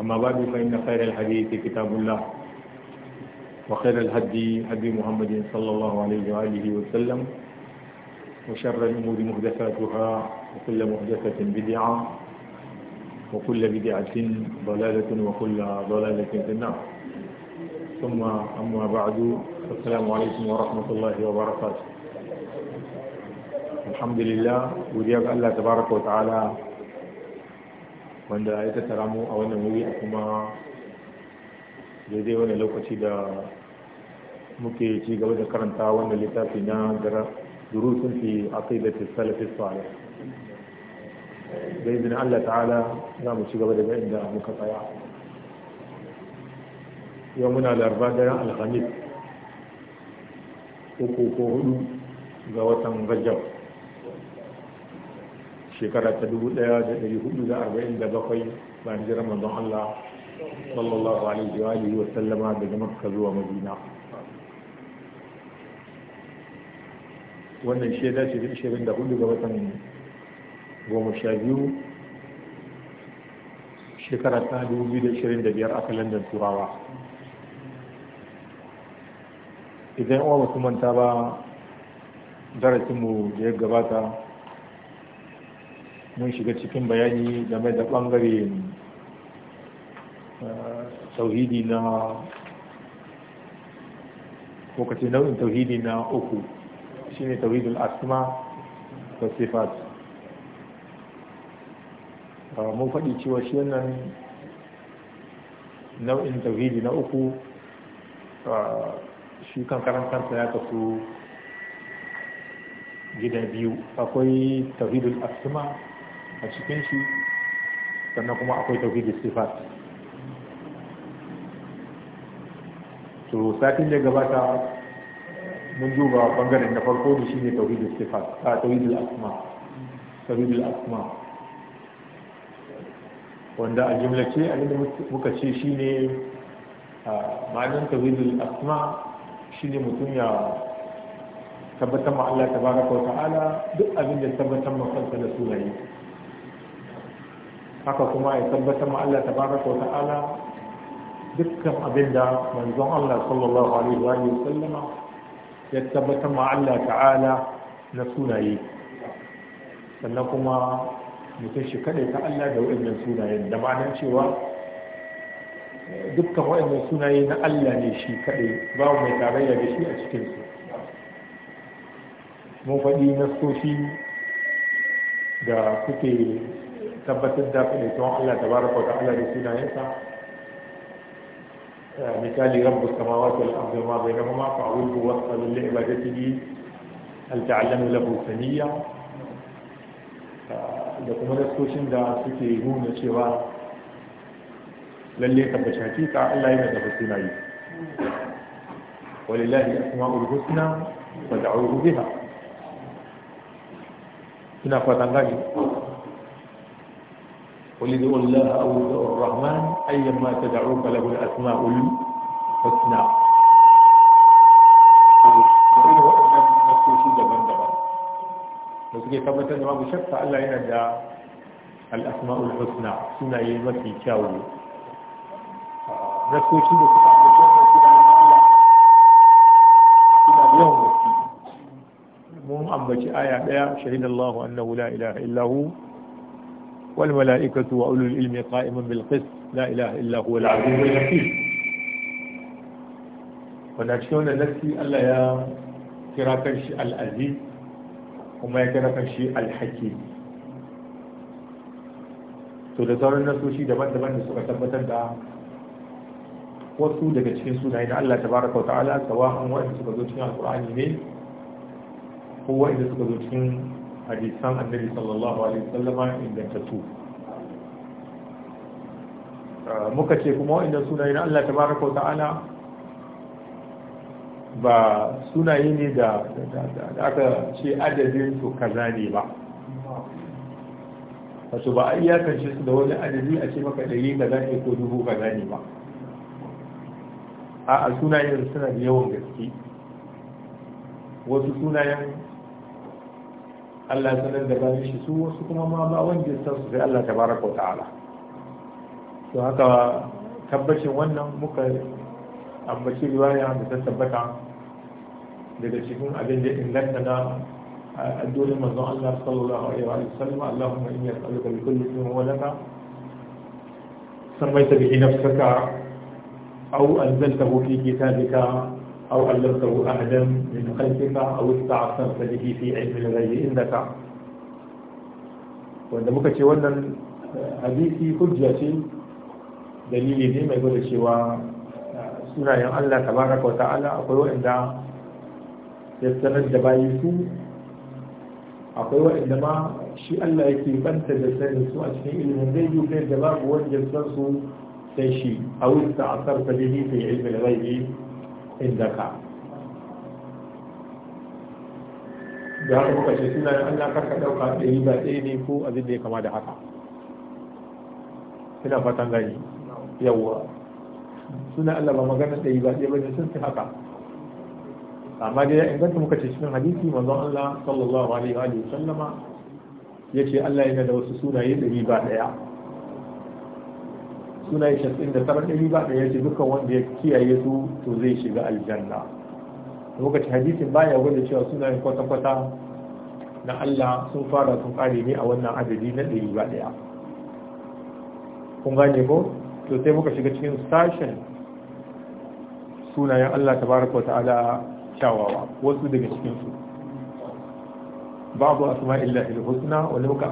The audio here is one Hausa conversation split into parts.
أما بعد فإن خير الحديث كتاب الله وخير الهدي هدي محمد صلى الله عليه وآله وسلم وشر الأمور محدثاتها وكل محدثة بدعة وكل بدعة ضلالة وكل ضلالة في النار ثم أما بعد السلام عليكم ورحمة الله وبركاته الحمد لله وديك الله تبارك وتعالى wanda ya tattara mu a wannan wuri a kuma daidai wani lokaci da muke ci gaba da karanta wannan littafi na gara durusun fi a kai da tattalafi salih da izinin Allah ta'ala za mu ci gaba da bayan da muka tsaya yau muna larba daren alhamis uku ko hudu ga watan rajab shekara ta 1447 ba jiran manzon Allah sallallahu alaihi wa alihi wa sallama daga Makka zuwa Madina wannan sheda ce da hudu ga watan goma sha biyu shekara ta dubu biyu da da ishirin biyar a kalandar turawa idan uwa ba su manta ba darasinmu da ya gabata mun shiga cikin bayani game da bangare eh, tauhidi na nau'in tauhidi na uku shine tauhidul asma da sifat eh, mun faɗi cewa shi wannan nau'in tauhidi na uku eh, shi kan karantarsa ya kasu gida biyu akwai tauhidul asma a cikin shi sannan kuma akwai da sifat to satin da gabata mun duba bangaren na farko da shi ne da sifat a da asma da asma wanda a jimlace abinda muka ce shi ne ma'anin da asma shi ne mutum ya tabbatar ma Allah ta wa ta'ala duk abin da tabbatar ma kansa da sunaye haka kuma ya tabbatar ma Allah tabaraka wa ta'ala dukkan abin da manzon Allah sallallahu alaihi wa sallama ya tabbatar ma Allah ta'ala na sunaye sannan kuma mutum shi kadai ta Allah da wa'annan sunayen da ma'anar cewa dukkan wa'annan sunaye na Allah ne shi kadai babu mai tarayya da shi a cikin su, mun faɗi nasoshi da kuke tabbatar da kudaitawan Allah ta baraka wa ta'ala da sunayensa misali rabbu samawati wal ardi ma bainahuma fa'budu wa sallu li ibadatihi hal ta'allamu lahu samiyya da kuma daskocin da suke nuna cewa lalle tabbata hakika Allah yana da sunaye ولله الأسماء الحسنى فادعوه بها. هنا فتنغني قل ادعوا الله او ادعوا الرحمن ايما تدعوا فله الاسماء الحسنى da suke tabbatar da babu shakka Allah yana da al'asma'ul husna suna yi mafi kyawu nasoshi da suka ambaci aya daya shahidallahu annahu la ilaha illahu والملائكة وأولو العلم قائم بالقسط لا إله إلا هو العظيم الحكيم ونحن نفسي الله يا كراك الشيء العزيز وما كراك الشيء الحكيم تدرون الناس وشي دمان دمان نسوك سبتا دا وصو دا كتشين سونا إن الله تبارك وتعالى سواهم وإن سوك دوشين القرآن يمين هو إن سوك دوشين hadisan annabi sallallahu alaihi wasallama ingantattu ah, muka ce kuma wa'inda sunaye na Allah tabaraka ta'ala ba sunaye ne da aka ce adadin su kaza ne ba wato ba a iyakance su da wani adadi a ce maka ɗari kaza ne ko dubu kaza ne ba a sunayen suna da yawan gaske wasu sunayen Allah ya sanar da bayan shi su wasu kuma ma ba wanda ya san su sai Allah tabaraka wa ta'ala to haka tabbacin wannan muka ambaci riwaya da ta tabbata daga cikin abin da inganta na addu'o'in manzon Allah sallallahu alaihi wa sallam Allahumma inni as'aluka bi kulli ismin huwa laka سميت به نفسك أو أنزلته في كتابك أو علمته أحدا من خلفك أو استعصمت به في علم الغيب عندك wanda muka ce wannan hadisi hujja ce dalili ne mai gwada cewa sunayen Allah tabaraka wa ta'ala akwai waɗanda ya sanar da bayi su akwai waɗanda ma shi Allah yake banta da sanin su a cikin ilimin zai yi kai da babu wanda san su sai shi a wuce a sarfa da ni sai ilmi da bai inda ka da haka muka ce suna Allah karka ɗauka ɗari ba ɗaya ne ko abin da ya kama da haka ina fatan gani yawwa suna Allah ba maganar ɗari ba ɗaya ba ne sun fi haka amma dai ya inganta muka ce cikin hadisi manzon Allah sallallahu alaihi wa sallama ya ce Allah yana da wasu sunaye ɗari ba ɗaya sunaye shasin da tara ɗari ba ɗaya ya ce dukkan wanda ya kiyaye su to zai shiga aljanna lokacin hadisin baya gwada cewa suna yin kwata-kwata na Allah sun fara sun kare ne a wannan adadi na ɗari ba ɗaya kun gane ko to sai muka shiga cikin sashen sunayen Allah ta wata ala kyawawa wasu daga cikin su babu illa al-husna wani muka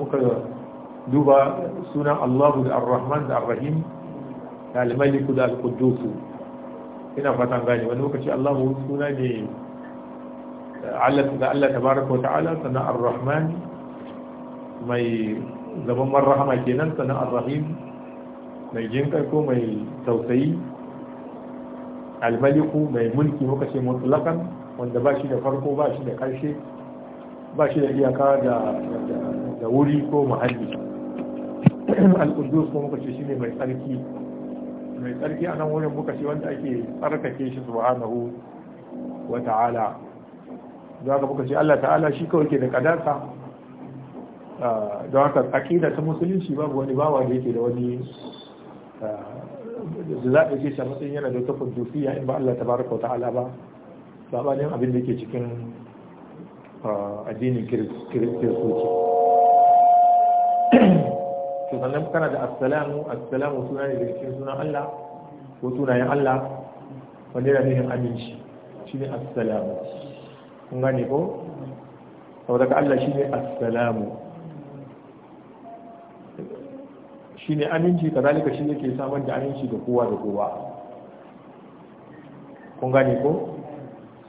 muka duba sunan Allahu da Ar-Rahman da Ar-Rahim da Al-Malik da Al-Quddus ina fatan gane wani lokaci Allahu suna ne Allah da Allah tabaraka wa ta'ala sannan ar-rahman mai zaman marhama kenan sana'ar ar-rahim mai jinkai ko mai tausayi al-maliku mai mulki muka ce mutlaqan wanda ba shi da farko ba shi da karshe ba shi da iyaka da wuri ko muhalli al-qudus ko muka ce shine mai tsarki mai tsarki a nan wurin muka shi wanda ake tsarkake shi subhanahu wa ta'ala za ka muka shi Allah ta'ala shi kawai ke da kadarsa ah, don haka aƙida ta musulunci babu wani bawa da yake da wani ah, da za a ce shi a matsayin yana da wata kudufiya in ba Allah ta baraka wa ta'ala ba ne abin da ke cikin ah, addinin kiristoci to sannan kana da assalamu assalamu suna ne da cikin sunan Allah ko sunayen Allah wanda yana nufin aminci shi ne assalamu kun gane ko saboda ka Allah shi ne assalamu ne aminci zalika shi ne ke samar da aminci da kowa da kowa kun gane ko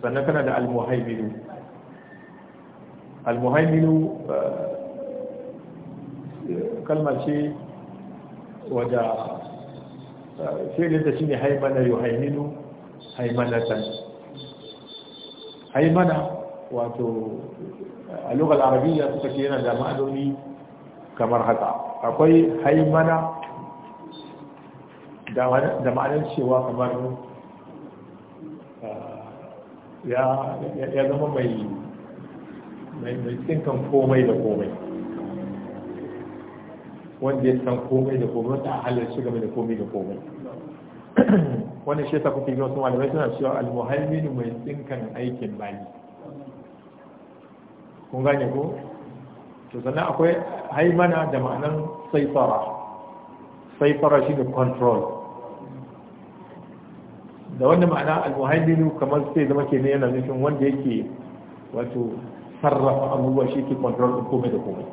sannan kana da almuhaiminu almuhaiminu eh, kalma ce wadda eh, filinta shi ne haimana yau haiminu haimanatan haimana wato eh, a lokal arabiya suka ce yana da ma'adoni kamar haka akwai haimana da ma'anar cewa kamar eh, ya zama mai tsinkan komai da komai wanda ya san komai da komai wata halar shiga mai da komai da komai wanda shi ta kuke yi wasu malamai suna cewa almuhaiminu mai tsinkan aikin bayi kun gane ko to sannan akwai haimana da ma'anan saifara saifara shi da control da wanda ma'ana almuhaiminu kamar sai zama ke ne yana nufin wanda yake wato sarrafa abubuwa shi ke control da komai da komai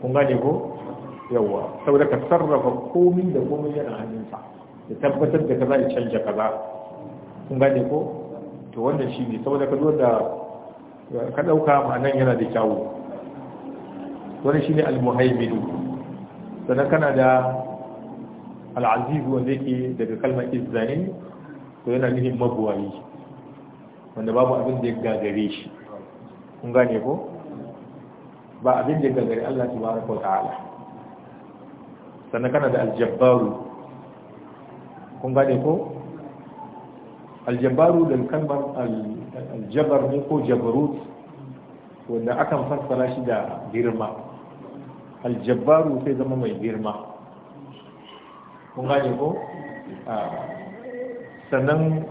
kun gane ko yawa saboda ka sarrafa komai da komai yana hannunsa da tabbatar da kaza ya canja kaza kun gane ko to wannan shi ne saboda ka zo da ka ɗauka ma'anan yana da kyawu wani shi ne almuhaimidu sannan kana da al'azizu wanda yake daga kalmar izzani to yana nufin mabuwayi wanda babu abin da ya gagare shi kun gane ko ba abin da ga gari Allah tabaraka ta'ala sannan kana da aljabbaru kun gane ko aljabbaru da kalmar aljabar ne ko jabarut wanda akan fassara shi da girma aljabbaru sai zama mai girma kun gane ko sannan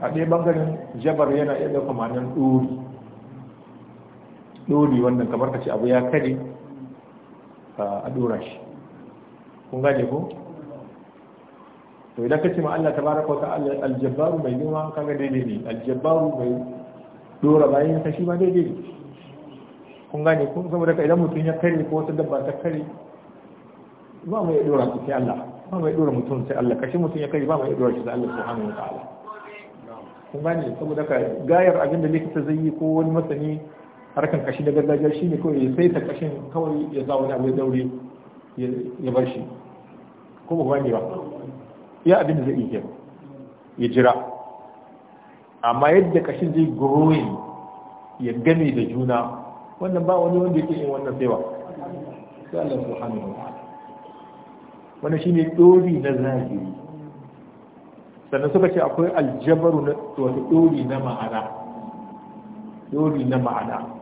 a ɗaya ɓangaren jabar yana iya ɗauka ma'anar ɗuri Dole wannan kamar ka ce abu ya kare a dora shi kun gane ko to idan ka ce ma Allah tabaraka wa ta'ala aljabbaru mai girma kaga daidai ne aljabbaru mai dora bayan ka shi ma daidai ne kun gane ko saboda ka idan mutum ya kare ko wata dabba ta kare ba mai dora su sai Allah ba mai dora mutum sai Allah kashi mutum ya kare ba mai dora shi sai Allah subhanahu wa ta'ala kun gane saboda ka gayar abinda likita zai yi ko wani masani harkan kashi da gargajiya shi ne kawai ya sai ta kashin kawai ya za wani abin daure ya bar shi ko ba gane ba ya abin da zai iya ya jira amma yadda kashin zai growing ya gani da juna wannan ba wani wanda yake yin wannan saiwa sai Allah subhanahu wa ta'ala wannan shine dori na zahiri sannan suka ce akwai aljabaru na wato dori na ma'ana dori na ma'ana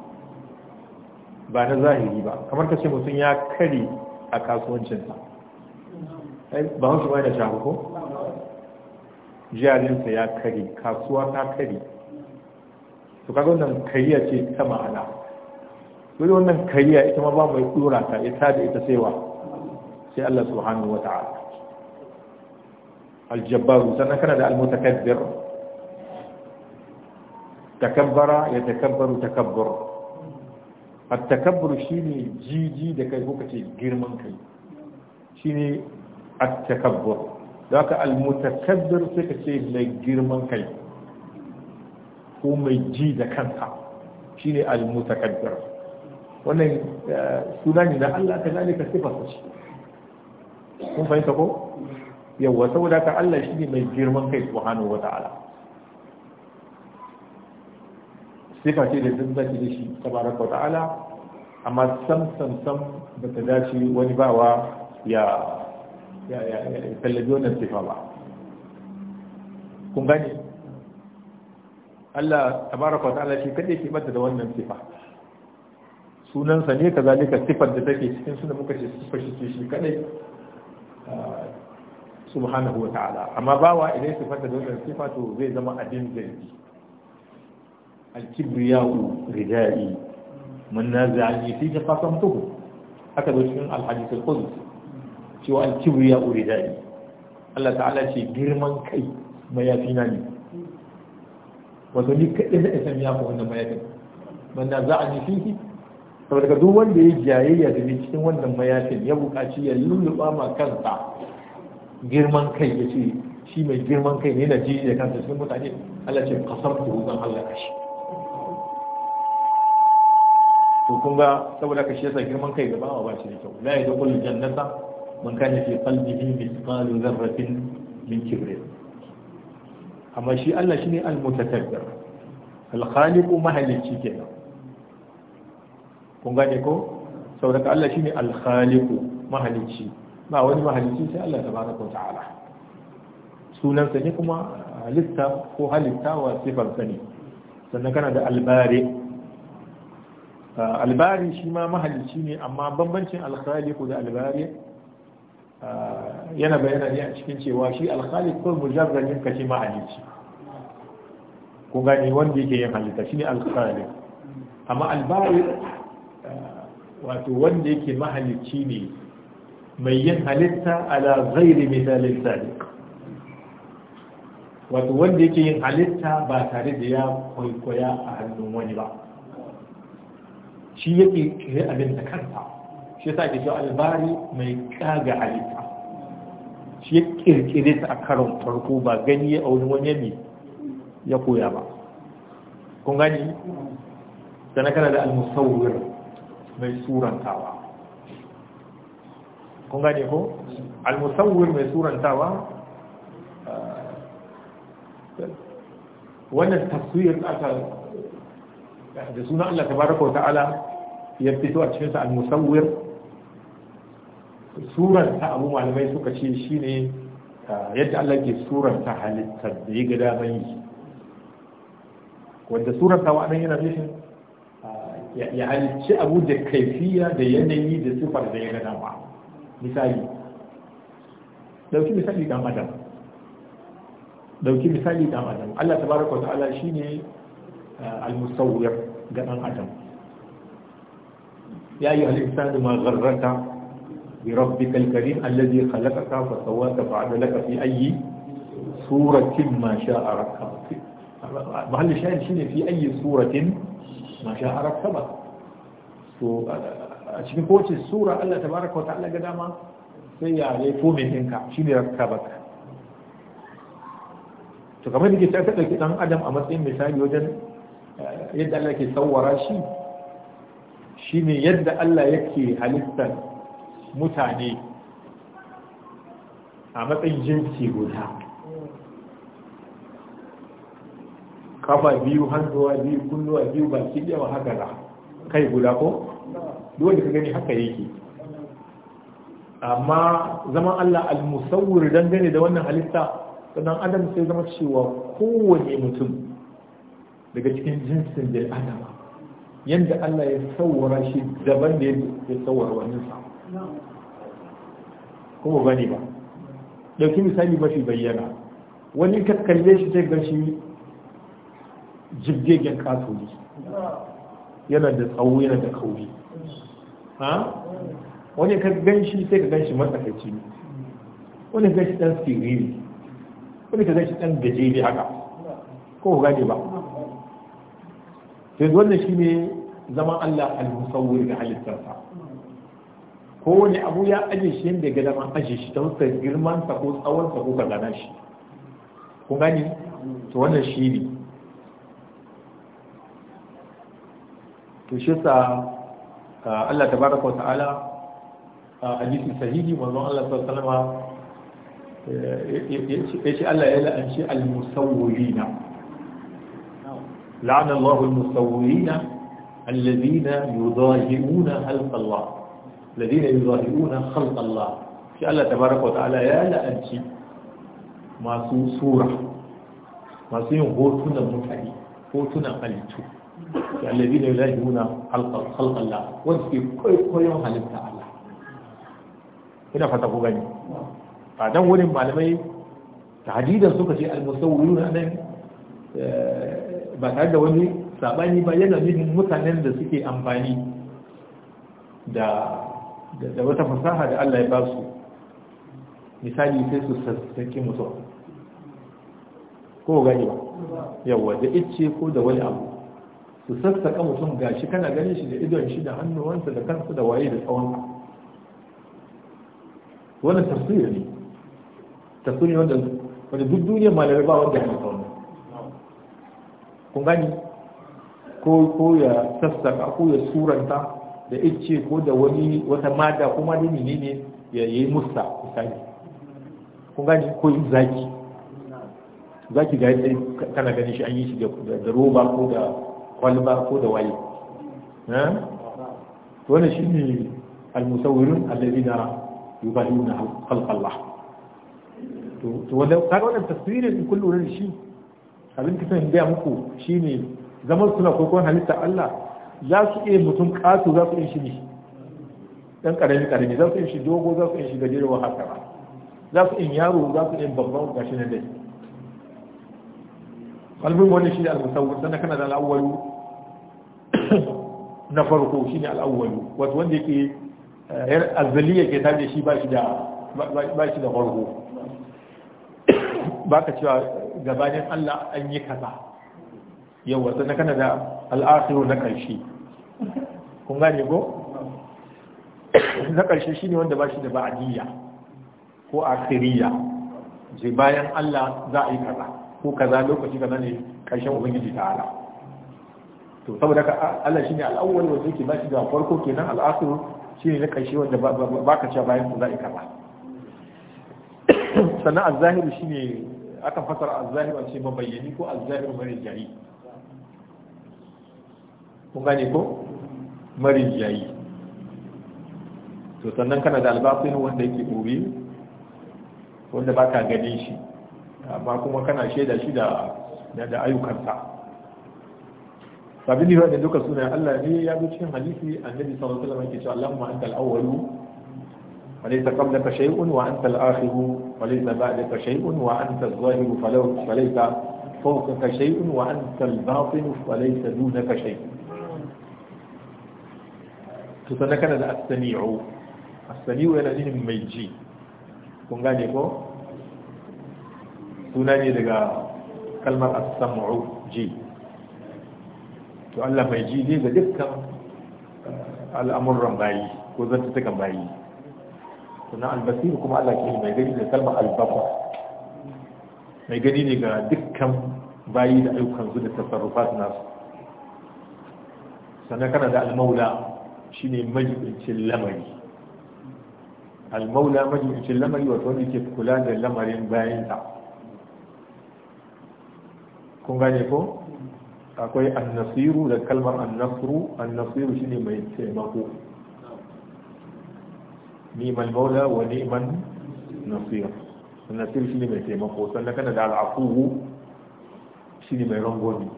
ba na zahiri ba kamar ka ce mutum ya kari a kasuwancinsa ba wasu bai da shahu ko? jarinsa ya kari kasuwa ta kari to kaga wannan kariya ce ta ma'ana wani wannan kariya ita ma ba mai tsura ta ita da ita saiwa sai Allah subhanahu wa ta'ala aljabbaru sannan kana da almutakabbir takabbara ya takabbaru takabbaru attakabbur shine jiji da kai ko kace girman kai shine attakabbur da ka almutakabbir sai kace mai girman kai ko mai ji da kanka shine almutakabbir wannan eh, suna ne da Allah ta lalika sifa ce kun fahimta ko yawa saboda ka Allah shine mai girman kai subhanahu wataala sifa ce da sun zaki da shi tabaraka wa ta'ala amma sam sam sam ba ta dace wani bawa ya ya ya tallabi wannan sifa ba kun gane Allah tabaraka wa ta'ala shi kadai ke bata da wannan sifa sunansa ne ka kazalika sifar da take cikin suna muka ce sifar shi shi kadai subhanahu wa ta'ala amma bawa idan sifar da wannan sifa to zai zama abin zai alkibriya'u ridai mun naza'ani fi ka qasamtuhu haka zo cikin alhadith alqudsi cewa alkibriya'u ridai Allah ta'ala ce girman kai mayafina ne wato ni kaɗai na isan ya wannan mayafin manna za a ji fihi saboda duk wanda ya jayayya da cikin wannan mayafin ya buƙaci ya lulluɓa ma kansa girman kai ya ce shi mai girman kai ne na jiji da kansa cikin mutane Allah ce kasar da hutun Allah kashi to kun ga saboda ka shesa girman kai gaba ba shi da kyau la yadkhul jannata man kana fi qalbihi mithqalu dharratin min kibr amma shi Allah shine al-mutakabbir al-khaliqu mahalici kenan kun gane ko saboda ka Allah shine al-khaliqu mahalici ba wani mahalici sai Allah tabaraka wa ta'ala sunansa ne kuma halitta ko halitta wa sifarsa ne sannan kana da albari Ah, albari shi ma mahalicci ne amma bambancin alkhaliku da albari ah, yana bayana ne a cikin cewa shi alkhalik ko mujarradin kashi mahalicci ko gani wanda yake yin halitta shi ne alkhalik amma albari ah, wato wanda yake mahalicci ne mai yin halitta ala ghairi misalin sadiq wato wanda yake yin halitta ba tare da ya kwaikwaya a hannun wani ba shi yake kire abin da kanta shi yasa ke albari mai kaga halitta shi ya kirkire ta a karon farko ba gani ya auni wani ne ya koya ba kun gani sana kana da almusawwir mai surantawa kun gani ko almusawwir mai surantawa eh, wannan tafsir aka da suna Allah tabaraka wa ta'ala ya fito a cikin sa al-musawwir surar ta abu malamai suka ce shine ah, yadda Allah ke surar ta halittar da ya ga daman yi wanda surar ta wa'adan yana nufin ah, ya halicci abu da kaifiya da yanayi da sifar da ya ga dama misali dauki misali ga madam dauki misali ga madam Allah tabaraka wa ta'ala shine ah, al-musawwir ga dan adam يا أيها الإنسان ما غرك بربك الكريم الذي خلقك فسواك فعدلك في أي سورة ما شاء ركبك محل الشاهد شنو في أي سورة ما شاء ركبك cikin kowace sura Allah tabaraka wa Allah ga dama sai ya laifo mai ɗinka shi ne rakabaka to kamar da ke ta ɗauki ɗan adam a matsayin misali wajen yadda Allah ke tsawara shi shine yadda Allah yake halittar mutane a matsayin jinsi guda kafa biyu hannuwa biyu kunnuwa biyu baki ɗaya haka da kai guda ko duk da ka gani haka yake amma zaman Allah al-musawwir dangane da wannan halitta sannan adam sai zama cewa kowane mutum daga cikin jinsin da adama yadda Allah ya tsawara shi daban da ya tsawara wannan sa kuma bane ba dauki misali mafi bayyana wani kakkalle shi zai gashi shi jibgegen katoli yana da tsawo yana da kauri ha wani ka gan shi sai ka gan shi matsakaici wani gan shi dan siriri wani ka gan shi dan gajeri haka ko ku gane ba sai wannan shi ne zama Allah al-musawwir da halittarsa kowane abu ya aje shi yadda ga dama aje shi ta wuce girman sa ko tsawon sa ko kazana shi ku gani to wannan shi ne to shi sa Allah tabaraka wa ta'ala a hadisi sahihi manzon Allah sallallahu alaihi wasallam ya ce Allah ya la'anci al-musawwirina la'ana Allahu al-musawwirina الذين يضاهئون خلق الله الذين يضاهئون خلق الله shi Allah tabaraka wa ta'ala ya la'anci masu sura masu yin hotunan mutane hotunan halittu shi allazi da ilahi muna halƙalla wanda kwaikwayon halitta Allah ina fata ku gani a dan wurin malamai ta suka ce almusawwiruna eh, ba tare da wani sabani ba yana nufin mutanen da suke amfani da da wata fasaha da Allah ya ba su misali sai su sassaki mutu ko gani ba yawa da icce ko da wani abu su sassaka mutum gashi kana ganin shi da idon shi da hannuwansa da kansa da waye da tsawon wannan tafsiri ne tafsiri wanda duk duniyar malamai ba wanda ya masa wannan kun gani ko ya sassaka ko ya suranta da ice ko da wani wata mada kuma da ne ne ya yi musta misali kun gani ko yin zaki zaki ga yadda kana ganin shi an yi shi da roba ko da kwalba ko da waye wannan shi ne almusawirun allazina yubahuna khalqallah to to wannan kaga wannan taswirin kullu ne shi abin da zan ga muku shine zaman suna kokon halitta Allah za su iya mutum kasu za su iya shi ne dan karami karami za su iya shi dogo za su iya shi wa haka za su iya yaro za su iya babban gashi na dai kalbin wani shi ne al-musawwir sannan kana da al awwal na farko shi ne al awwal wato wanda yake eh, yar azaliya ke tare shi ba shi da ba shi da farko baka cewa gabanin Allah an yi kaza yau wata na kana da al'asiru na ƙarshe kun gane ko na ƙarshe shine wanda ba shi da ba'adiyya ko asiriya, je bayan Allah za a yi kaza ko kaza lokaci kaza ne ƙarshen ubangiji ala. to saboda ka Allah shine al'awwal wanda yake ba shi da farko kenan al'asiru shine na ƙarshe wanda ba ka cewa bayan za a yi kaza sannan al-zahiru shine akan fasara al-zahiru a ce mabayyani ko al-zahiru mare jari kun gane ko marijiyayi to sannan kana da albatin wanda yake gobe wanda ba ka gane shi amma kuma kana shaida shi da da ayyukansa sabili wa da duka suna Allah ne ya zo cikin hadisi annabi sallallahu alaihi wasallam yake cewa Allahumma antal awwalu wa laysa qablaka shay'un wa antal akhiru wa laysa ba'daka shay'un wa antal zahiru falaw falaysa fawqaka shay'un wa antal batinu falaysa dunaka shay'un to sannan kana da as-sami'u as-sami'u yana nufin mai ji kun gane ko suna ne daga kalmar as-sam'u ji to Allah mai ji ne ga dukkan eh, al'amuran bayi ko zantukan bayi sannan al-basir kuma Allah ke mai gani da kalmar al-basar mai gani ne ga dukkan bayi da ayyukan su da tasarrufa nasu sannan kana da al al-maula shine majibincin lamari almaula majibincin lamari wato wanda ke kula da lamarin ta kun gane ko akwai annasiru da kalmar annasiru annasiru shine mai taimako ni'mal maula wa ni'man nasir shi shine mai taimako sannan kana da al'afuhu shine mai rangoni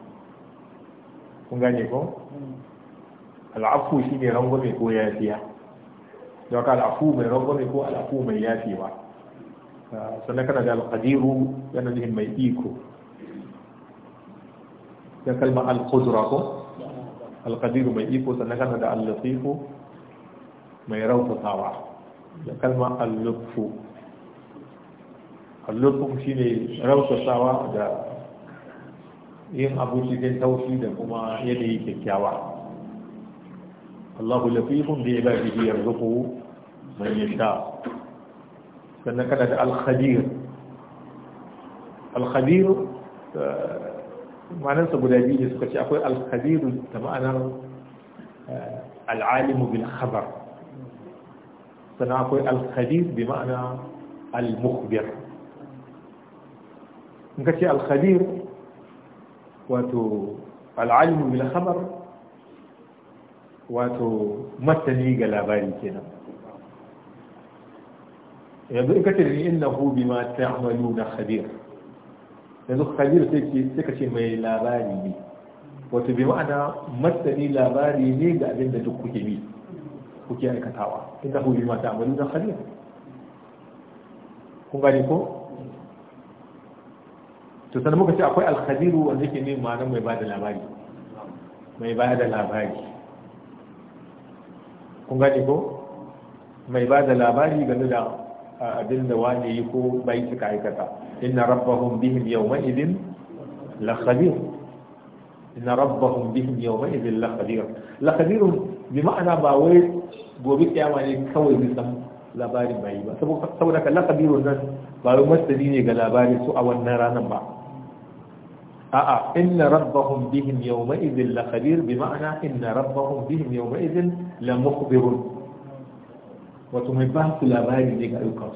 kun gane ko al'afu shi ne rangwame ko yafiya don ka al'afu mai rangwame ko al'afu mai fiwa sannan kana da alƙadiru yana nufin mai iko da kalma alƙudura ko alƙadiru mai iko sannan kana da allatifu mai rautatawa da kalma allufu allufu shi ne rautatawa da yin abu cikin taushi da kuma yanayi kyakkyawa الله لطيف بعباده يرزق من يشاء سنكنت الخبير الخبير معنى سبدا جيه سكتش أقول الخبير تمعنى آه، العالم بالخبر سنعقول الخبير بمعنى المخبر نكتش الخبير وتو العالم بالخبر wato matani ga labari kenan yanzu in ka ce ni hu bima ta'maluna khabir yanzu khabir sai ce sai ka ce mai labari ne wato bi ma'ana matani labari ne ga abin da duk kuke bi kuke aikatawa innahu bima na khabir kun gane ko to sannan muka ce akwai al-khabiru wanda yake ne ma'anar mai ba da labari mai ba da labari kun gane ko mai ba da labari game da abin da wani yi ko bai suka aikata inna rabbahum bihim yawma idin la khabir inna rabbahum bihim yawma idin la khabir la khabir bi ma'ana ba wai gobe kiyama ne kawai bisan labarin bai ba saboda ka la nan ba wai masali ne ga labari su a wannan ranar ba a'a inna rabbahum bihim yawma idhin la khabir bi ma'ana inna rabbahum bihim yawma idhin la mukhbirun wato mai ba su labari ne ga ayyukan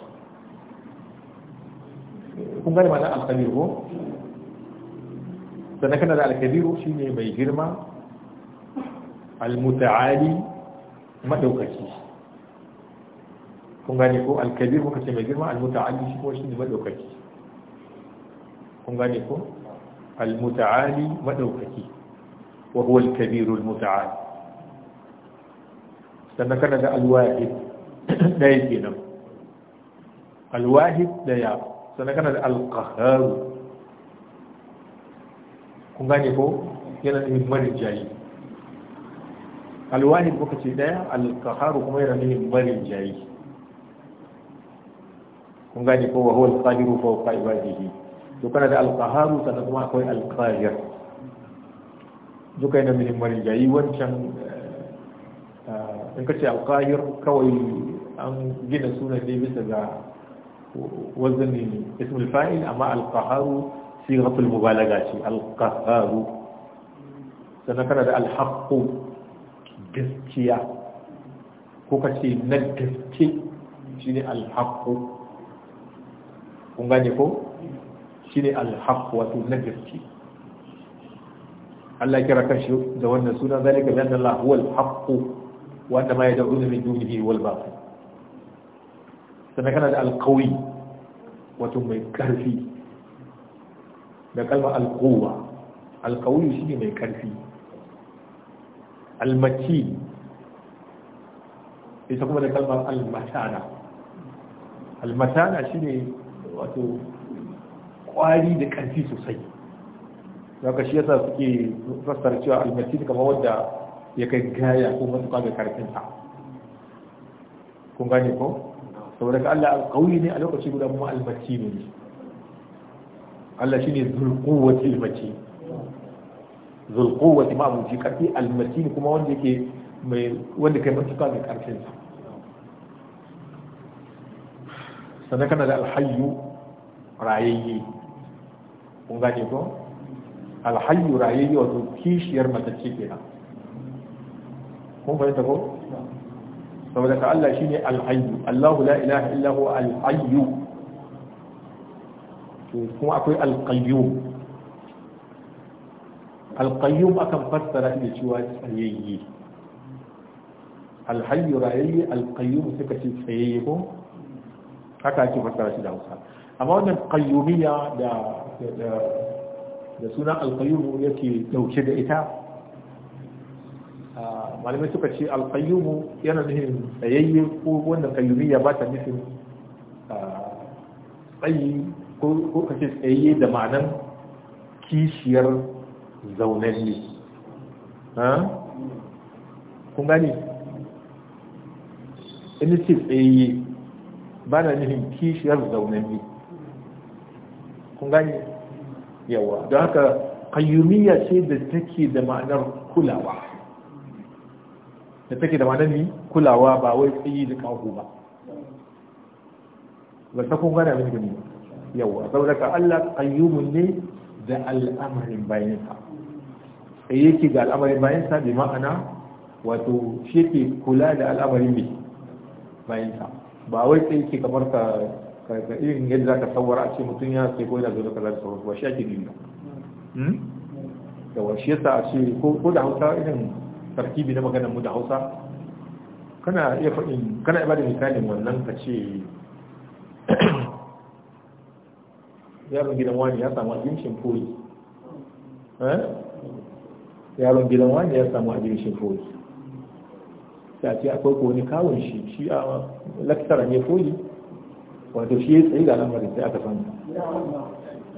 su kun gane ma'ana al-khabir ko sannan kana da al-kabiru shine mai girma al-muta'ali madaukaki kun gane ko al-kabir kuka ce mai girma al-muta'ali shi ko shine madaukaki kun gane ko al-muta'ali madaukaki wa huwa al-kabir al-muta'al sannan kana da al-wahid daya kenan al-wahid daya sannan kana da al-qahhar kun gane ko yana da marin jayi al-wahid muka ce daya al-qahhar kuma yana da marin jayi kun gane ko wa huwa al-qadir fawqa ibadihi to da alqaharu sannan kuma akwai alqahir duka yana mari marigayi wancan eh, in ka ce alqahir kawai an gina sunan ne bisa ga wazanin ismul fa'il amma alqaharu sigatul mubalaga ce alqaharu sannan kana da alhaqqu gaskiya ko ka ce na gaske shine alhaqqu kun gane ko Shi ne haq wato na gaske Allah ya kira kashi da wannan suna zalika bi anna Allah huwa al-haq wa anna ma yad'un min dunihi wal batil sannan kana da al-qawi wato mai karfi da kalma al-quwwa al-qawi shine mai karfi al-matin ita kuma da kalmar almatana, almatana shi ne wato kwari da ƙarfi sosai daga shi yasa suke fassara cewa almasjid kama wadda ya kai gaya ko matuƙa ga karfinsa kun gane ko saboda ka Allah kauyi ne a lokaci guda kuma almasjid ne Allah shine zulquwwati almasjid zulquwwati ma abuci karfi almasjid kuma wanda yake mai wanda kai matuƙa ga karfinsa sannan kana da alhayu. rayayye kun gane ko alhayyu rayayye wato kishiyar matacce kenan kun fahimta ko saboda ka Allah shine alhayyu Allahu la ilaha illa huwa alhayyu to kuma akwai alqayyum alqayyum akan fassara da cewa tsayayye alhayyu rayayye alqayyum suka ce tsayayye ko haka ake fassara shi da Hausa amma wannan kayyumiya da suna alkayyumu yake dauke da ita ah, malamai suka ce alkayyumu yana nufin tsayayye ko wannan kayyumiya ba ta nufin ah, tsayi ko kace tsayayye da ma'anan kishiyar zaunanne ah? kun gani in ce tsayayye ba na nufin kishiyar zaunanne kun gani yawa don haka qayyumiyya ce da take da ma'anar kulawa da take da ma'anar ni kulawa ba wai tsayi da kawo ba ba ta kun gani abin gani yawa saboda ka Allah kayyumin ne da al'amarin bayansa sai yake ga al'amarin bayansa bi ma'ana wato shi yake kula da al'amarin bayan bayansa ba wai tsayi ke kamar ka ka irin yadda za ka tsawara a ce mutum ya ce ko yana zo da kaza da sauransu ba shi ake nuna da wa shi yasa a ce ko da hausa irin tarkibi na maganar mu da hausa kana iya faɗin kana iya bada misalin wannan ka ce yaron gidan wani ya samu abincin foyi? Eh? yaron gidan wani ya samu abincin foyi? sai ce akwai ko wani kawun shi shi a laktara ne foyi? wato shi ya tsaye ga al'amarin sai aka samu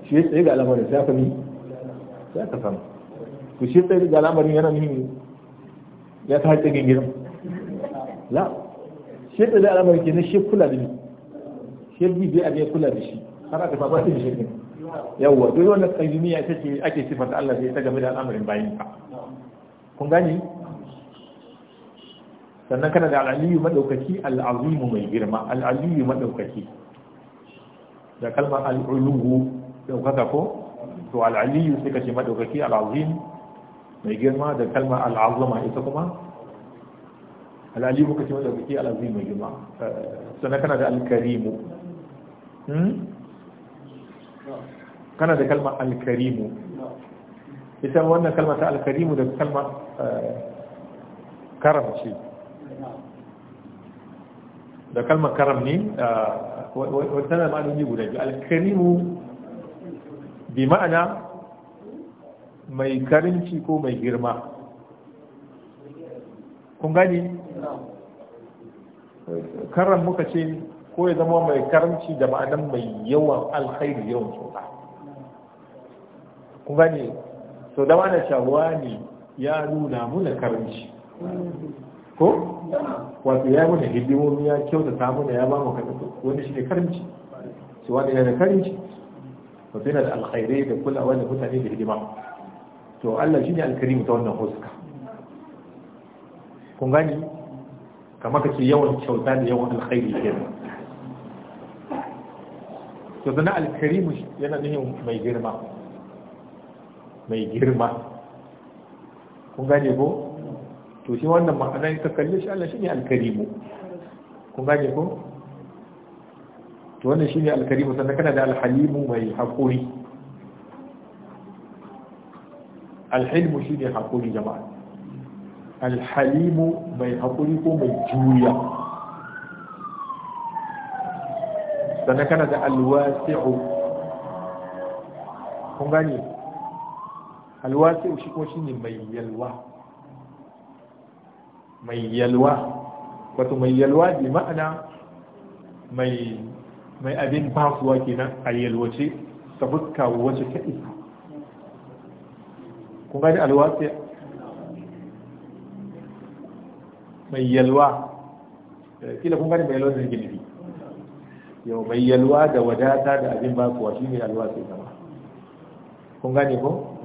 shi ya tsaye ga al'amarin sai aka mi sai aka samu to shi tsaye ga al'amarin yana nuni ya ta haƙe gingirin la shi ya tsaye ga al'amarin na shi kula da ni shi ya bi bai ya kula da shi har aka samu shi shi yawwa duk wannan qayyimiyya ita ce ake sifanta Allah sai ta game da al'amarin bayin ka kun gani sannan kana da al'aliyu madaukaki al'azimu mai girma al'aliyu madaukaki da kalmar da ɗaukaka ko to al'aliyu sai ka ce maɗaukaki al'azim mai girma da kalmar al'azama ita kuma al'aliyu ka ce maɗaukaki al'azim mai girma eh, sannan kana da al'karimu hmm? kana da kalmar al'karimu ita wannan kalmar ta al'karimu da kalmar eh, karam ce da kalmar karam ne eh, ma'anin ma'anoni guda biyu alkarimu bi ma'ana mai karinci ko mai girma kun gani karan muka ce ko ya zama mai karanci da ma'anan mai yawan alkhairi yawan tsoka kun gani so da ma'ana shawani ya nuna muna karanci ko wato ya mana hidimomi ya ta mana ya ba mu kaɗa wanda shi ne karimci shi wani yana da karimci wato yana da alkhairai da kulawa da mutane da hidima to Allah shi ne alkarimu ta wannan huska kun gani kamar ka ce yawan kyauta da yawan alkhairi nan to zana alkarimu yana nuhin mai girma mai girma kun gane ko to shi wannan ma'ana ta kalle shi Allah shine alkarimu kun gane ko to wannan shine alkarimu sannan kana da alhalimu mai hakuri shi shine hakuri jama'a alhalimu mai hakuri ko mai juriya sannan kana da alwasi'u kun gane alwasi'u shi ko shine mai yalwa mai yalwa wato mai yalwa bi ma'ana mai mai abin basuwa kenan a yalwace ta fuska wace ta isa kun gani alwasiya mai yalwa eh, kila kun gani mai yalwa da gini yau mai yalwa da wadata da abin basuwa shi ne alwasiya zama kun gani ko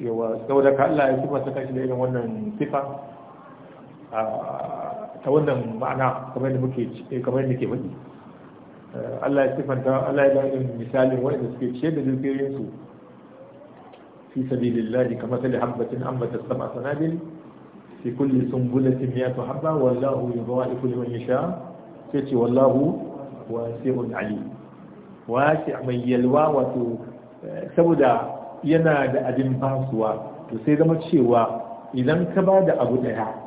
yawa saboda ka Allah ya kuma saka shi da irin wannan sifa ta wannan ma'ana kamar da muke eh, kamar da ke faɗi eh, Allah ya sifanta Allah ya ba da misalin wanda suke ce da dukiyoyin su fi sabilillah kamar sai habbatin ambata sama sanabil fi kulli sunbulatin miyatu habba wallahu yudha'ifu liman yasha sai ce wallahu wasi'un alim wasi' mai yalwa wato eh, saboda yana da abin basuwa to sai zama cewa idan ka ba da abu daya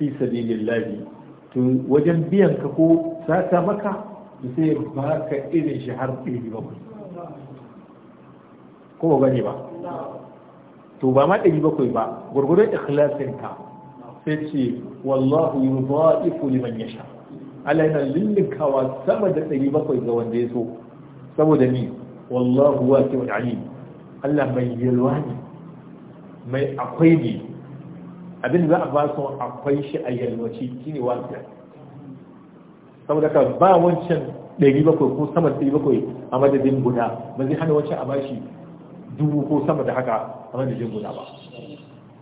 fi sabilillahi to wajen biyan ka ko sata maka sai ba ka irin shi har ɗari bakwai ko ba ne ba to ba ma ɗari bakwai ba gurgurin ikhlasin ka sai ce wallahu yudha'ifu liman yasha Allah yana lullunkawa sama da ɗari bakwai ga wanda ya so saboda ni wallahu wasi'un alim Allah mai yalwa ne mai akwai ne abin za a ba su akwai shi a yalwaci shine wafiya saboda ka ba wancan ɗari bakwai ko sama da bakwai a madadin guda ba zai hana wancan a shi dubu ko sama da haka a madadin guda ba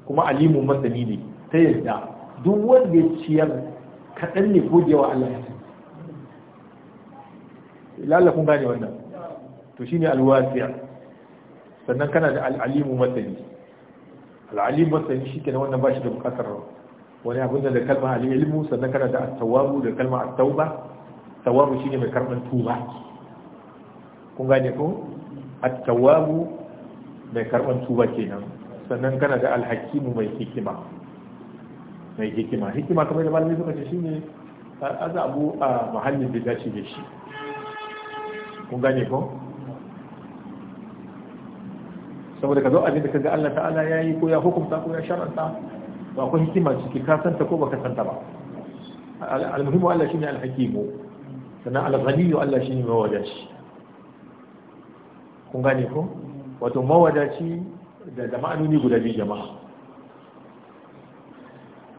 kuma alimun masani ne ta yadda duk wanda ya ciyar kaɗan ne ko da yawa Allah ya lalla kun gane wannan to shine alwasiya sannan kana da alimu masani al'alim masani shi kenan wannan ba shi da bukatar wani abin da kalma al'ilmu sannan kana da tawabu da kalma tauba tawabu ne mai karɓar tuba kun gane ko tawabu mai karɓar tuba kenan sannan kana da alhakimu mai hikima mai hikima hikima kamar da malamai suka ce shi ne a muhallin da dace da shi kun gane ko saboda ka zo abin ka ga Allah ta'ala ya yi ko ya hukumta ko ya shar'anta to akwai hikima ciki ka santa ko baka santa ba al-muhimu Allah shine al-hakimu sannan al-ghaniyu Allah shine mawadaci kun gane ko wato mawadaci da da ma'anoni guda biyu jama'a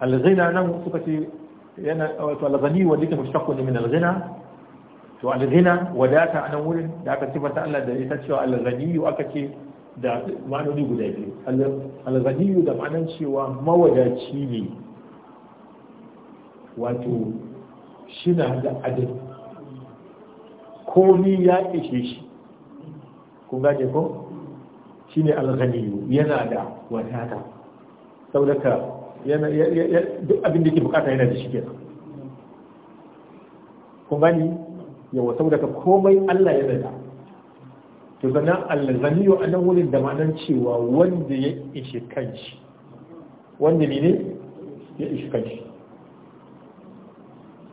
al-ghina nan suka ce yana wato al-ghani wanda yake mushtaqun min al-ghina to al-ghina wadata anan wurin da aka sifanta Allah da ita cewa al-ghaniyu aka ce da ma'anoni guda biyu alghaniyu da ma'anan cewa mawadaci ne wato shina da adin komi ya ishe shi kun gaje ko shi ne alghaniyu yana da wadata saboda duk abin da ke bukata yana da shi kenan kun gani yawa saboda komai Allah ya zata to sannan alghaniyu a nan wurin da ma'anar cewa wanda ya ishi kanshi wanda ne ya ishi kanshi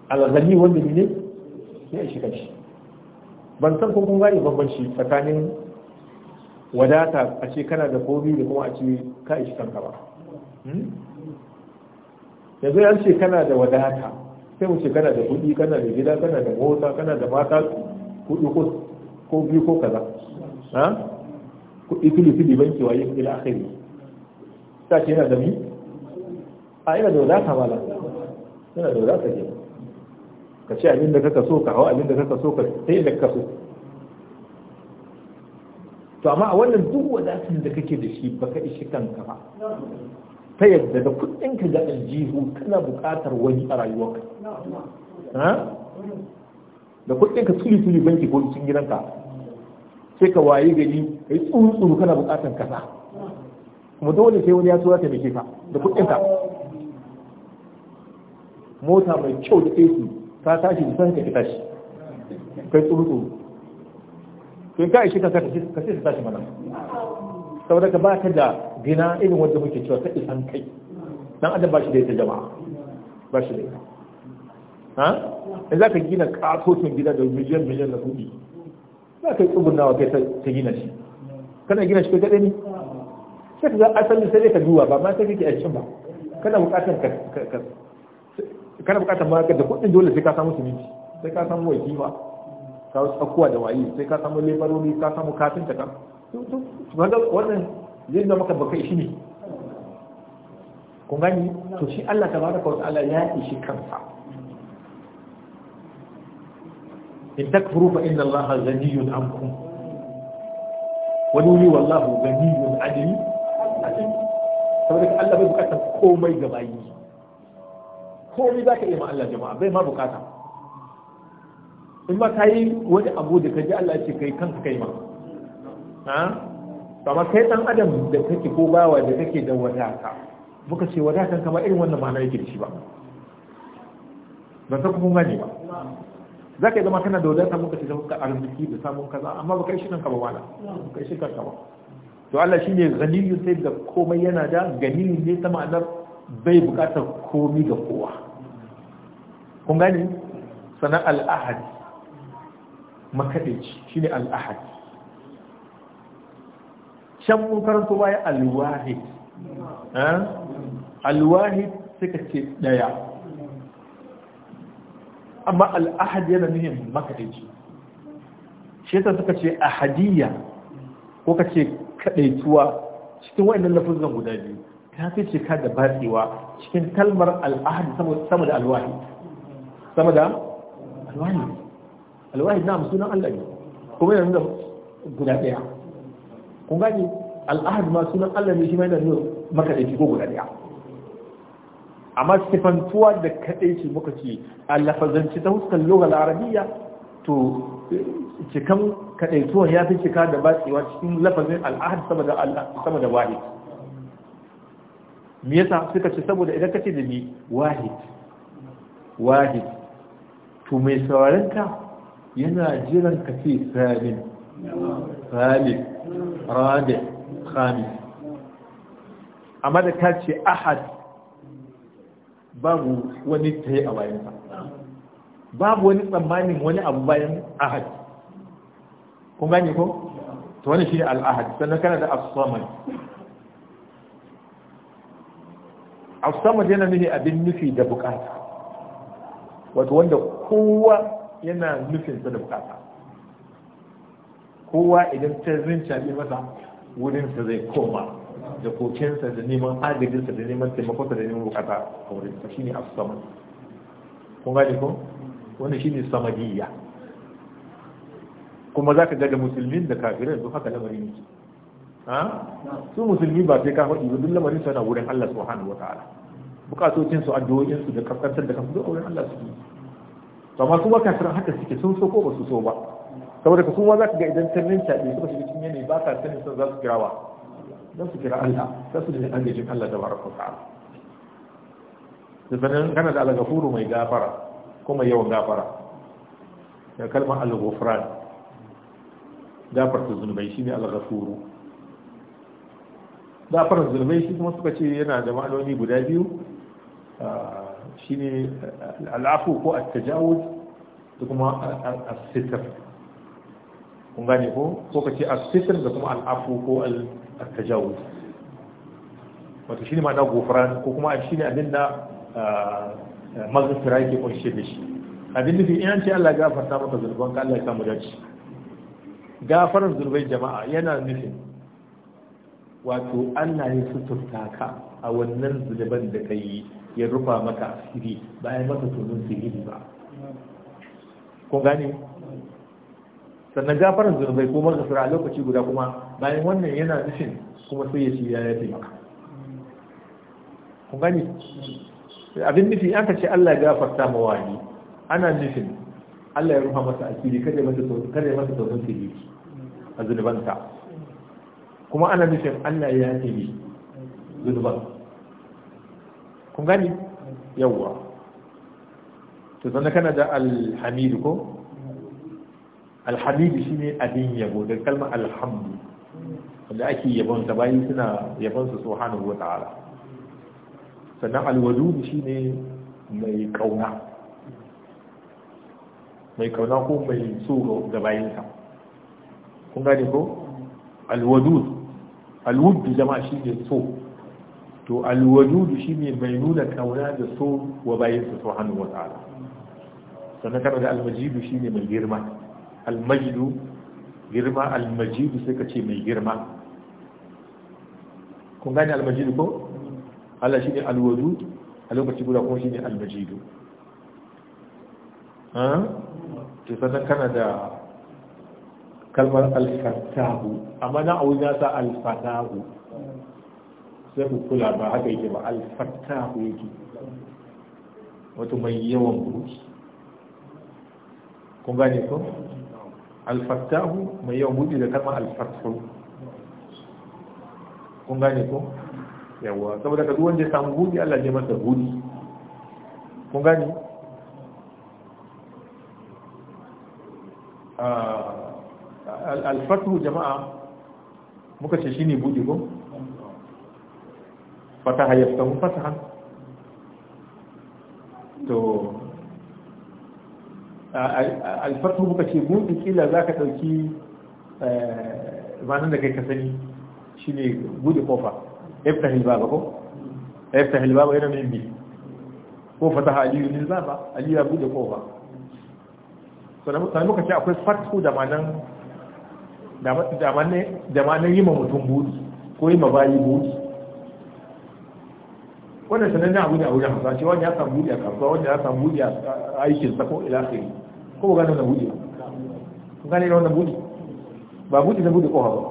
alghani wanda ne ya ishi kanshi ban san ko kun gane bambanci tsakanin wadata a ce kana da kobi da kuma a ce ka ishi kanka ba hmm? yanzu an ce kana da wadata sai mu ce kana da kuɗi kana da gida kana da mota kana da mata kuɗi ko biyu ko kaza ha ikili tulu tulu banki waye ila akhiri ta ce yana da mi a ina da wadata mala yana da wadata ke ka ce abin da kaka so ka hau abin da kaka so ka sai da ka so to amma a wannan duk wadatun da kake da shi baka ishi kanka ba ta yadda da kudinka da aljihu kana bukatar wani a rayuwarka da kudinka tuli tuli banki ko cikin gidanka sai ka waye gari kai tsuru kana bukatan kasa. kuma dole sai wani ya tura ya taimake ka da kudin ka mota mai kyau da AC ka tashi da san ka fita shi kai tsuru To kai ka shi ka ka ka sai tashi mana saboda ka baka da gina irin wanda muke cewa ka isan kai dan adam ba shi da ita jama'a ba shi da ita ha in za ka gina katotin gida da miliyan miliyan na kudi za ka yi tsugunawa kai ta gina shi kana gina shi kai ne sai ka ga asali sai ka duwa ba ma sai kake a ba kana bukatar ka kana bukatar ma da kuɗin dole sai ka samu siminti sai ka samu wai kima ka wasu tsakuwa da wayi sai ka samu lebaroni ka samu kafin ta kafinta ka wannan zai zama maka baka shi ne kun gani to shi Allah tabaraka wa ta'ala ya ishi kansa in takfuru fa inna allaha ghaniyun ankum wani wuri wallahu ghaniyun adli saboda Allah bai bukatar komai ga bayi komai za ka iya ma Allah jama'a bai ma bukata in ba ka yi wani abu da ka ji Allah ce kai kanka kai ma kama kai dan adam da kake ko bawa da kake da wadata muka ce wadatan kama irin wannan ma'ana yake da shi ba ba ta kuma gane ba za ka yi zama kana da wadata muka ce ka arziki da samun kaza amma ba kai shirin ka ba wala ba kai shirin ka ba to Allah shi ne ganiyun sai da komai yana da ganiyun ne ta ma'anar bai bukatar komi ga kowa kun gani sanar al'ahad makaɗaici shi ne al'ahad can mun karanto baya alwahid eh? alwahid suka ce ɗaya amma al'ahad yana nuhin makaɗaici shi ta suka ce ahadiyya ko ka ce kaɗaituwa cikin wa'annan lafuzan guda biyu ta fi ka da batsewa cikin kalmar al'ahad sama da alwahi sama da alwahi alwahi na sunan Allah ne kuma yana nuna guda ɗaya kun gani al'ahad ma sunan Allah ne shi ma yana nuna makaɗaici ko guda ɗaya amma sifantuwa da kaɗaici muka ce a lafazanci ta huskar lugar arabiya to cikan kaɗaituwa ya fi cika da batsewa cikin lafazin al'ahad sama da wahid me yasa suka ce saboda idan ka ce da ni wahid wahid to mai saurinka yana jiran ka ce salim salim rabi khamis amma da ka ce ahad babu wani yi a bayansa babu wani tsammanin wani abu bayan ahad kun gani ko to wani shine al-ahad sannan kana da as-samad as-samad yana nufi abin nufi da bukata wato wanda kowa yana nufin sa da bukata kowa idan ta zinca bi masa wurin sa zai koma da kokensa da neman agajinsa da neman taimakonsa da neman bukata a wurin sa shine as-samad kun gane ko wannan shine samadiyya kuma zaka ga da musulmin da kafirai duk haka lamarin yake ha su musulmi ba sai ka faɗi ba duk lamarin su na wurin Allah subhanahu wataala bukatocin su addu'o'in su da kafkantar da kansu duk wurin Allah su to amma su ba kafiran haka suke sun so ko ba su so ba saboda kuma zaka ga idan tannin ta suka shiga cikin yanayi ba ka sanin sun za su kirawa don su kira Allah sai su ne agajin Allah da baraka ta'ala da sanin kana da al-ghafuru mai gafara kuma yawan gafara da kalmar al-ghufran gafarta zunubai ne al-ghafuru gafarta zunubai shi kuma suka ce yana da ma'anoni guda biyu Shi ne al'afu ko at-tajawuz da kuma a sitr kun gane ko ko ce as-sitr da kuma al'afu ko al at-tajawuz wato shine ma'ana gofran ko kuma shine abin da ah, ah, maghfira yake kunshe da shi abin da in an ce Allah gafarta maka zunuban ka Allah ya samu dace gafarar zunubai jama'a yana nufin wato Allah ya suturta ka a wannan zunuban da ka yi ya rufa maka asiri ba ya maka tonon sihiri ba kun gane sannan gafarar zunubai ko magasara a lokaci guda kuma bayan wannan yana nufin kuma sai ya shirya ya yafe maka kun gani abin nufi an ce Allah ya gafarta ma wani ana nufin Allah ya rufa masa asiri kada masa kada masa tausan sirri a zunubanta kuma ana nufin Allah ya yafe zunuban kun gani yawwa to sannan kana da alhamidu ko alhabibu shi ne abin yabo da kalmar alhamdu wanda ake yabon ta bayan suna yabon su wa ta'ala sannan alwadu shi ne mai kauna mai kauna ko mai so ga bayansa kun gane ko alwadud alwuddu jama'a shi ne so to alwadu shi ne mai nuna kauna da so wa bayansa wa ta'ala sannan kana da almajidu shi ne mai girma almajidu girma almajidu sai ka ce mai girma kun gane almajidu ko Allah shi ne alwadu a lokaci guda kuma shi ne almajidu to sannan kana da kalmar alfatahu amma na auri na sa alfatahu sai ku kula ba haka yake ba alfatahu yake wato mai yawan buki kun gane ko alfattahu mai yawan buɗe da kama alfathu kun gane ko yawa saboda ka duk wanda ya samu buɗe Allah ya masa buɗe kun gane ah, alfathu jama'a muka ce shine buɗe ko fataha mun fatahan to alfarko muka ce buɗi kila za ka ɗauki eh, ranar da kai ka sani shi ne buɗe kofa efta ba ko efta ba yana mai bi ko fataha aliyu ba aliyu ya buɗe kofa sannan muka ce akwai fatu da manan da manan yi ma mutum buɗi ko yi ma bayi buɗi wannan sanannen abu ne a wurin hasashe wanda ya samu buɗi a kasuwa wanda ya samu buɗi a aikinsa ko ila sai ko gane na buɗe ku gane na wannan buɗe ba buɗe na buɗe ƙofa ba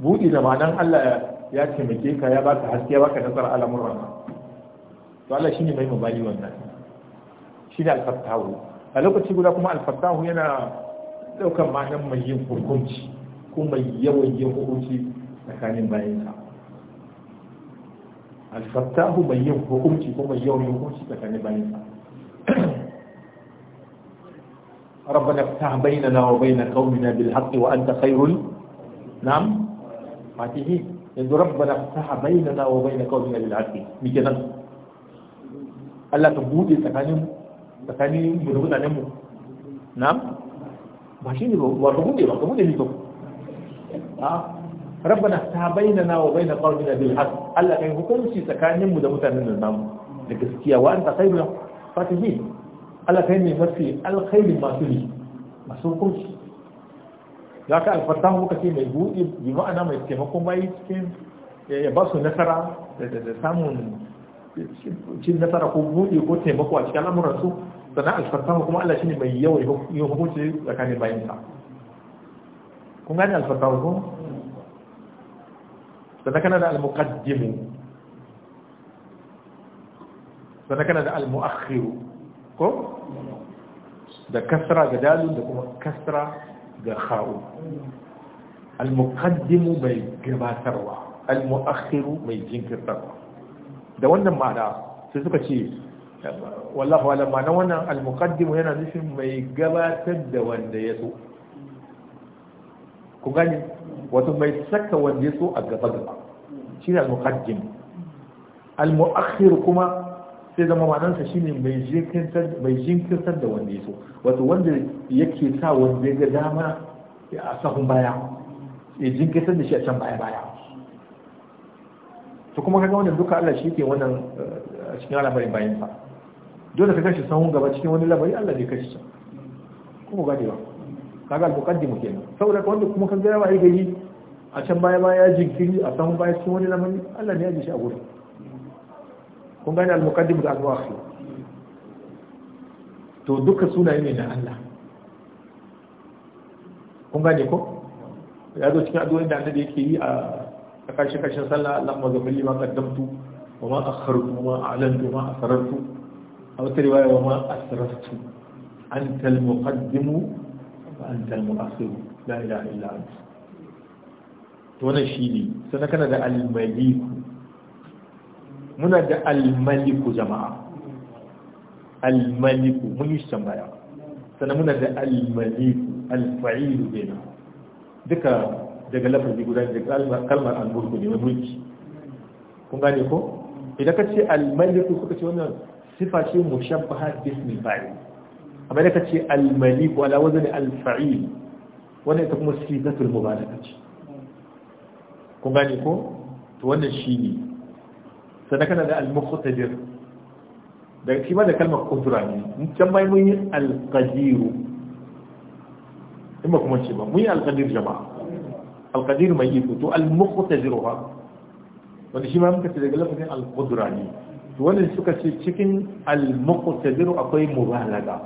buɗe da ma'anan Allah ya taimake ka ya baka haske ya baka nasara al'amuran to Allah shine mai mabali wannan shi da alfattahu a lokaci guda kuma alfattahu yana daukan ma'anan mai yin hukunci ko mai yawan yin hukunci tsakanin bayansa alfattahu mai yin hukunci ko mai yawan yin hukunci tsakanin bayansa ربنا افتح بيننا وبين قومنا بالحق وأنت خير نعم فاتحين yanzu rabbana fataha bainana wa bain qaumina bil haqqi mike nan ka bude tsakanin tsakanin mu da mutanen mu na'am ba shi ne ba ka bude ba ka bude ni to a rabbana fataha bainana wa bain qaumina bil hukunci da mutanen namu da gaskiya Allah kai ne mafi alkhairin masu ne masu hukunci za ka alfarta muka ce mai buɗe bi ma'ana mai taimakon bayi cikin ya ba su nasara da samun cin nasara ko buɗe ko taimako a cikin al'amuransu sannan alfarta kuma Allah shi ne mai yawan yin hukunci tsakanin bayinsa kun gane alfata ko sannan kana da al-muqaddimu sannan kana da al-mu'akhiru ko da kasra ga dalun da kuma kasra ga kha'u al-muqaddimu mai gabatarwa al-mu'akhiru mai jinkirtarwa da wannan ma'ana sai suka ce wallahu ala ma'ana wannan al-muqaddimu yana nufin mai gabatar da wanda ya so ku gani wato mai saka wanda ya so a gaba gaba shi ne al-muqaddim al-mu'akhir kuma sai zama ma'anarsa shine mai jinkirtar da wanda ya so wato wanda yake sa wanda ya ga dama a sahun baya ya jinkirtar da shi a can baya baya to kuma kaga wannan duka Allah shi ke wannan eh, a cikin al'amarin bayan sa dole ka kashi sahun gaba cikin wani labari Allah ne kashi can kuma gade ba kaga al-muqaddimu kenan saboda wanda kuma kan ga ya gari a can baya baya jinkiri a sahun baya cikin wani labari Allah ne ya ji shi a gurin kun gane al-muqaddim da al-mu'akhir to duka sunaye ne na Allah kun gane ko ya zo cikin addu'o'in da annabi yake yi a karshe karshen sallah Allahumma zammil li ma qaddamtu wa ma akhartu wa ma a'lantu wa ma asrartu aw riwaya wa ma asrartu anta al-muqaddim wa anta al-mu'akhir la ilaha illa anta to wannan shine sanaka da al-malik muna da almaliku jama'a almaliku mun yi tambaya sannan muna da almaliku alfa'ilu kenan duka daga lafazi guda da kalmar almulku ne mulki kun gane ko idan ka ce almaliku suka ce wannan sifa ce mushabbaha bismi fa'il amma idan ka ce almaliku ala wazni alfa'il wannan ita kuma sifatul da ce kun gane ko to wannan shine sadaka da al-muqtadir da shi ma da kalmar kudura ne in can bai mun yi al qadir in ba kuma ce ba mun yi al-qadir jama'a al-qadir mai iko to al-muqtadir ha wanda shi ma muka ce daga lafazin al-qudura ne to wannan suka ce cikin al-muqtadir akwai mubalaga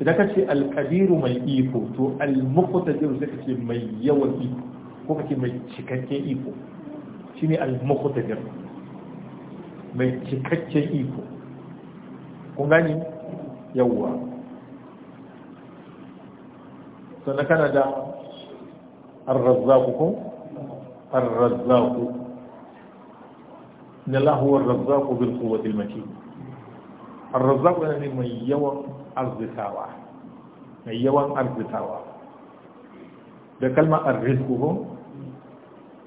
idan ka ce al qadir mai iko to al-muqtadir sai ka ce mai yawan iko ko ka ce mai cikakken iko shine al-muqtadir mai cikakken iko kun gani yawwa sannan kana da arrazzaku ko arrazzaku na lahuwar razzaku bil kowatil maki arrazzaku yana ne mai yawan arzikawa mai yawan arzikawa da kalmar arzikku ko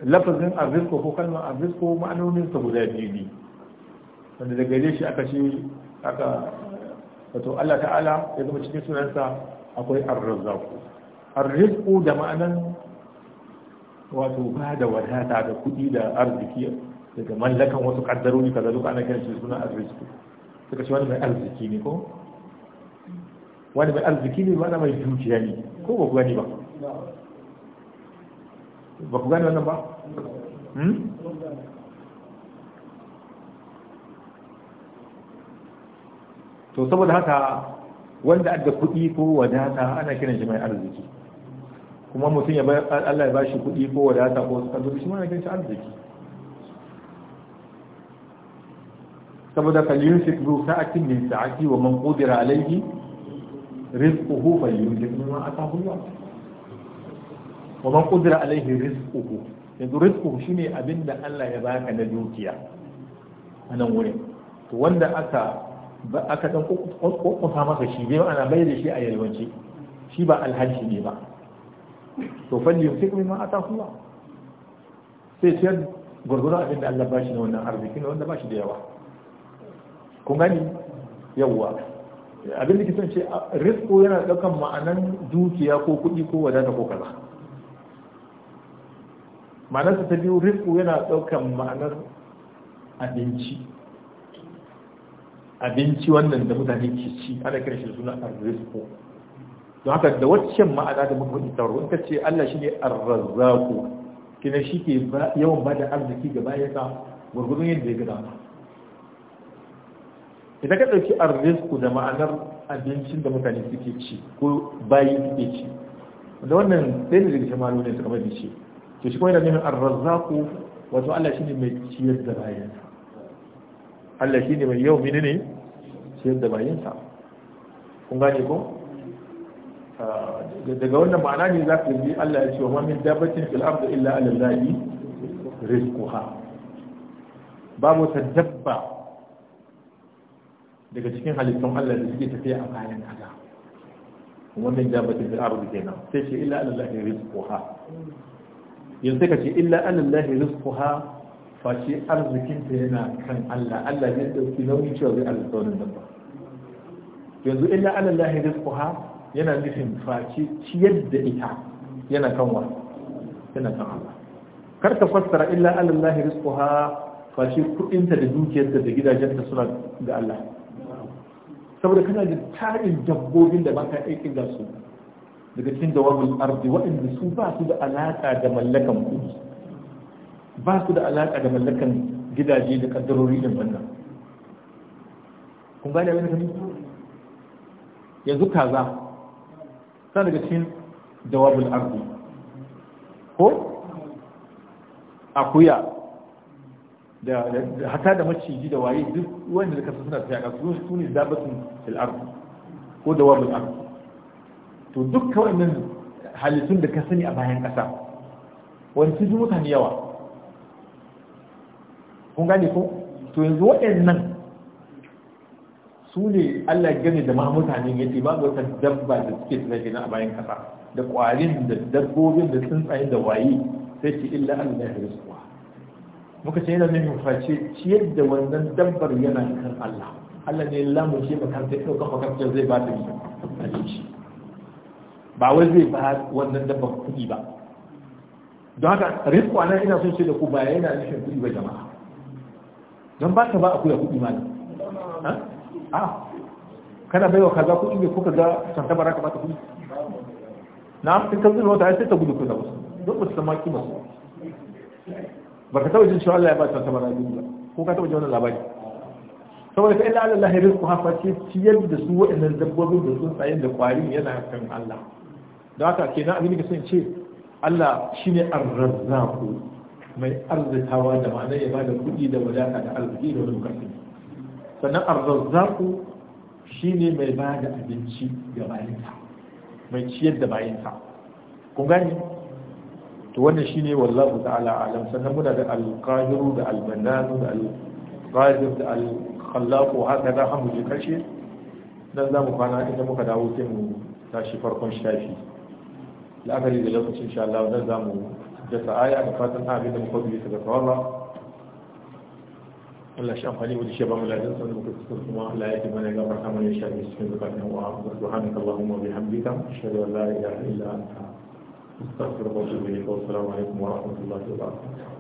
lafazin arzikku ko kalmar arzikku ma'anoninsa guda biyu ne wanda daga gare shi aka ce aka wato Allah ta'ala ya zama cikin sunansa akwai ar-razzaq ar da ma'anan wato ba da wadata da kuɗi da arziki daga mallakan wasu kaddaroni kaza duka ana kiran shi suna arziki suka ce wani mai arziki ne ko wani mai arziki ne wani mai dukiya ne ko ba ku gani ba ba ku gani wannan ba hmm? to saboda haka wanda adda kuɗi ko wadata ana kiran shi mai arziki kuma mutum ya bar Allah ya bashi kuɗi ko wadata ko arziki shi ma ana kiran shi arziki saboda ka yunfik zu sa'atin min sa'ati wa man qudira alayhi rizquhu falyunfik mimma ataahu Allah wa man qudira alayhi rizquhu yanzu rizquhu shine abinda Allah ya baka na dukiya a nan wurin to wanda aka ba aka dan kokkusa maka shi bai ana bai da shi a yalwace shi ba alhaji ne ba to fa yau sai kuma ma ata kuma sai ciyar gurgurun abin da Allah bashi na wannan arziki ne wanda bashi da yawa kun gani yawa abin da kisan ce rizko yana daukan ma'anan dukiya ko kuɗi ko wadata ko kaza ma'anar ta biyu rizko yana daukan ma'anar abinci abinci wannan da mutane ke ci ana kira shi suna arzisko don haka da waccan ma'ana da muka faɗi tsaro ka ce Allah shi ne arrazzaku kina shi ke yawan ba da arziki ga ka gurgurun yadda ya gada idan ka ɗauki arzisko da ma'anar abincin da mutane suke ci ko bayi suke ci da wannan sai ne daga shamalu ne kamar da ce to shi kuma yana neman arrazzaku wato Allah shi ne mai ciyar da ka Allah shi ne mai yau mini ne ciyar da bayinsa kun gane ko ah, daga wannan ma'ana ne za ka yi Allah ya ce wa min dabbatin fil ardi illa ala allahi rizquha babu ta dabba daga cikin halittun Allah da suke tafiya a bayan kaza wannan dabbatin fil ardi kenan sai ce illa ala allahi rizquha yanzu ka ce illa ala allahi rizquha face arzikinta yana kan Allah Allah ya ɗauki nauyi cewa zai alƙawarin dabba yanzu illa lahi rizquha yana nufin face ciyar da ita yana kan wa yana kan Allah kar ka fassara illa lahi rizquha face kuɗinta da dukiyarta da gidajenta suna ga Allah saboda kana da tarin dabbobin da baka aikin da su daga cikin dawamul ardi waɗanda su ba su da alaka da mallakan kuɗi ba su da alaƙa da mallakan gidaje da kaddarori da wannan kun gane abin da yanzu kaza ta daga cikin jawabul arzi ko akuya da hata da maciji da waye duk wanda da kasa suna tafiya ga su su ne zabatun ardi ko jawabul arzi to duk kawai nan halittun da ka sani a bayan ƙasa wani sun mutane yawa kun gane ko to yanzu waɗannan su ne Allah ya gane da ma mutanen ba babu wata dabba da suke gina a bayan kasa da ƙwarin da dabbobin da tsuntsayen da waye sai ce illa Allah ya rasuwa muka ce yana nufin face ciyar da wannan dabbar yana kan Allah Allah ne lamun shi makarta ya ɗauka makarta zai ba ta abinci ba wai zai ba wannan dabbar kuɗi ba don haka rizku anan ina so ce da ku ba yana nufin kuɗi ba jama'a don ba ka ba a kuya kuɗi ma ne kana baiwa kaza kuɗi ne kuka ga santa baraka ba ta kuɗi na amfani kan zuwa ta haifar ta gudu kuɗa wasu don ba su sama kima su ba ka taɓa jin cewa Allah ya ba santa baraka ba ko ka taɓa jin labari saboda ka ila Allah lahi ku hafa ce ciyar da su waɗannan dabbobin da sun tsayin da kwari yana kan Allah don haka kenan abin da ka son ce Allah shine ar-razzaqu mai arzikawa da ma'ana ya bada kuɗi da wadata da arziki da wani bukatu sannan arzazzaku ne mai bada abinci ga bayinsa mai ciyar da bayinsa kun gani to wannan ne wallahu ta'ala alam sannan muna da alƙahiru da almananu da alƙahiru da alƙallaku haka da hamu je karshe dan mu kwana idan muka dawo sai mu tashi farkon shafi la'akari da lokacin insha Allah dan mu. dasa aya da fatan abin da muka biyu daga tsawon Allah shi amfani mu da shi ba mu lafiya sanin muka cikin kuma Allah ya ji mana ga barka mana insha Allah cikin zakatun wa subhanaka allahumma a, bihamdika ashhadu an la ilaha a, anta astaghfiruka wa atubu ilayk wa assalamu alaikum wa rahmatullahi wa barakatuh